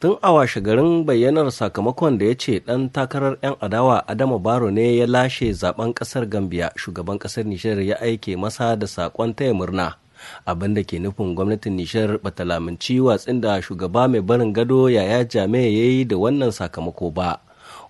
tun a washe garin bayyanar sakamakon da ya ce ɗan takarar 'yan adawa adama baro ne ya lashe zaben ƙasar gambia shugaban ƙasar nishar ya aike masa da sakon taya murna abin da ke nufin gwamnatin nishar bata lamunci watsin da shugaba mai barin gado yaya jami'a ya yi da wannan sakamako ba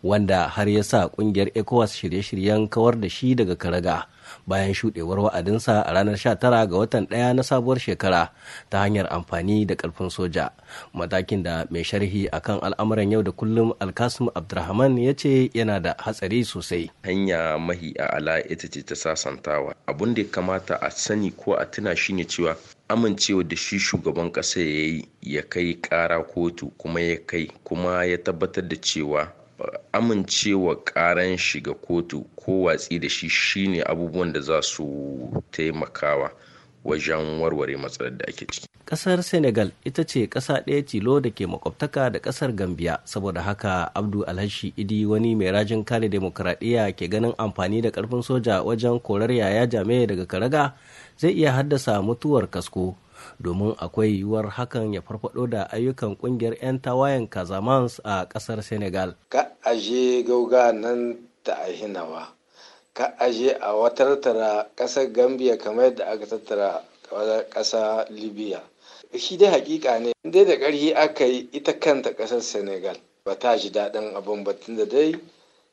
wanda har ya sa kungiyar ecowas shirye-shiryen kawar da shi daga karaga bayan shuɗewar wa'adinsa a ranar 19 ga watan ɗaya na sabuwar shekara ta hanyar amfani da ƙarfin soja matakin da mai sharhi akan al'amuran yau da kullum alkasim abdurrahman ya ce yana da hatsari sosai hanya mahi a ala ita ce ta sasantawa abun da ya kamata a sani ko a tuna shine cewa amincewa da shi shugaban ƙasa ya yi ya kai kara kotu kuma ya kai kuma ya tabbatar da cewa amincewa karan shiga kotu ko watsi da shi shine abubuwan da za su taimakawa wajen warware matsalar da ake ciki. Kasar Senegal ita ce ƙasa ɗaya tilo da ke makwabtaka da ƙasar Gambiya saboda haka Abdu Alhashi Idi wani mai rajin kare demokradiyya ke ganin amfani da ƙarfin soja wajen korar yaya jami'a daga karaga zai iya haddasa mutuwar kasko domin akwai yiwuwar hakan ya farfado da ayyukan kungiyar 'yan tawayen Kazamans a kasar Senegal. Ka aje gauga nan ta ahinawa, ka aje a watartara kasar Gambia kamar yadda aka tattara kasa Libya. Shi dai hakika ne, dai da ƙarfi aka yi ita kanta ƙasar Senegal ba ta ji daɗin abin batun da dai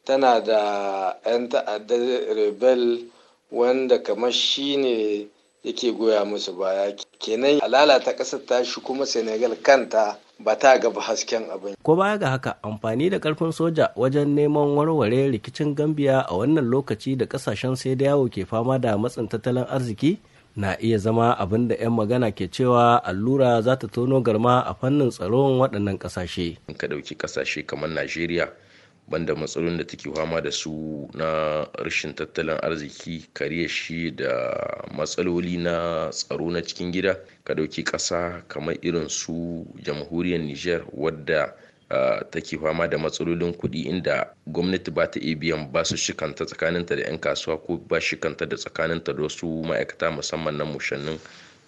tana da 'yan ta'addar rebel wanda kamar shi ne yake goya musu baya kenan a lalata ƙasar tashi kuma senegal kanta ba ta gaba hasken abin. Ko baya ga haka amfani da karfin soja wajen neman warware rikicin Gambiya a wannan lokaci da kasashen sai da yawo ke fama da matsin tattalin arziki na iya zama abin da 'yan magana ke cewa allura za ta tono garma a fannin tsaron waɗannan ƙasashe. In ka ɗauki ƙasashe kamar Najeriya banda matsalolin da take fama da su na rashin tattalin arziki kariya shi da matsaloli na tsaro na cikin gida ka dauki ƙasa kamar irin su jamhuriyar niger wadda Uh, take fama da matsalolin kuɗi inda gwamnati ba ta iya biyan ba su shikanta tsakaninta da 'yan kasuwa ko ba shikanta da tsakaninta da wasu ma'aikata musamman na mushannin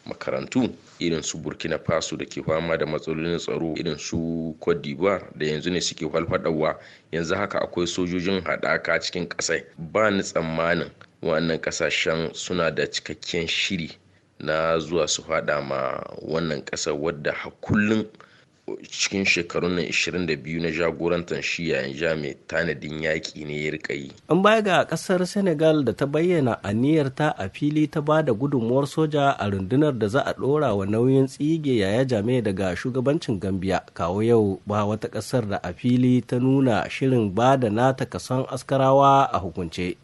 makarantu irin su burkina faso da ke fama da matsalolin tsaro irin su cote da yanzu ne suke falfadawa yanzu haka akwai sojojin haɗaka cikin ƙasai ba ni tsammanin wannan ƙasashen suna da cikakken shiri na zuwa su faɗa ma wannan ƙasar wadda har cikin shekarun nan 22 na jagorantar shi yayin jami tanadin yaƙi ne ya rika yi. An baya ga ƙasar Senegal da ta bayyana aniyarta a fili ta ba da gudunmuwar soja a rundunar da za a ɗora wa nauyin tsige yaya jami daga shugabancin Gambia kawo yau ba wata ƙasar da a fili ta nuna shirin ba da nata kason askarawa a hukunce.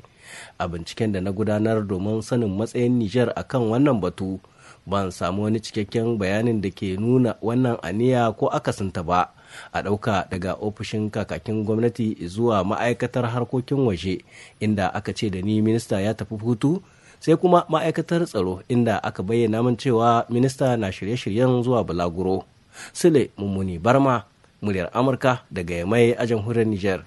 A binciken da na gudanar domin sanin matsayin Nijar akan wannan batu. ban samu wani cikakken bayanin da ke nuna wannan aniya ko akasinta ba a ɗauka daga ofishin kakakin gwamnati zuwa ma'aikatar harkokin waje inda aka ce da ni minista ya tafi hutu sai kuma ma'aikatar tsaro inda aka bayyana min cewa minista na shirye-shiryen zuwa bulaguro sule mummuni barma muryar amurka daga yamai a jamhuriyar niger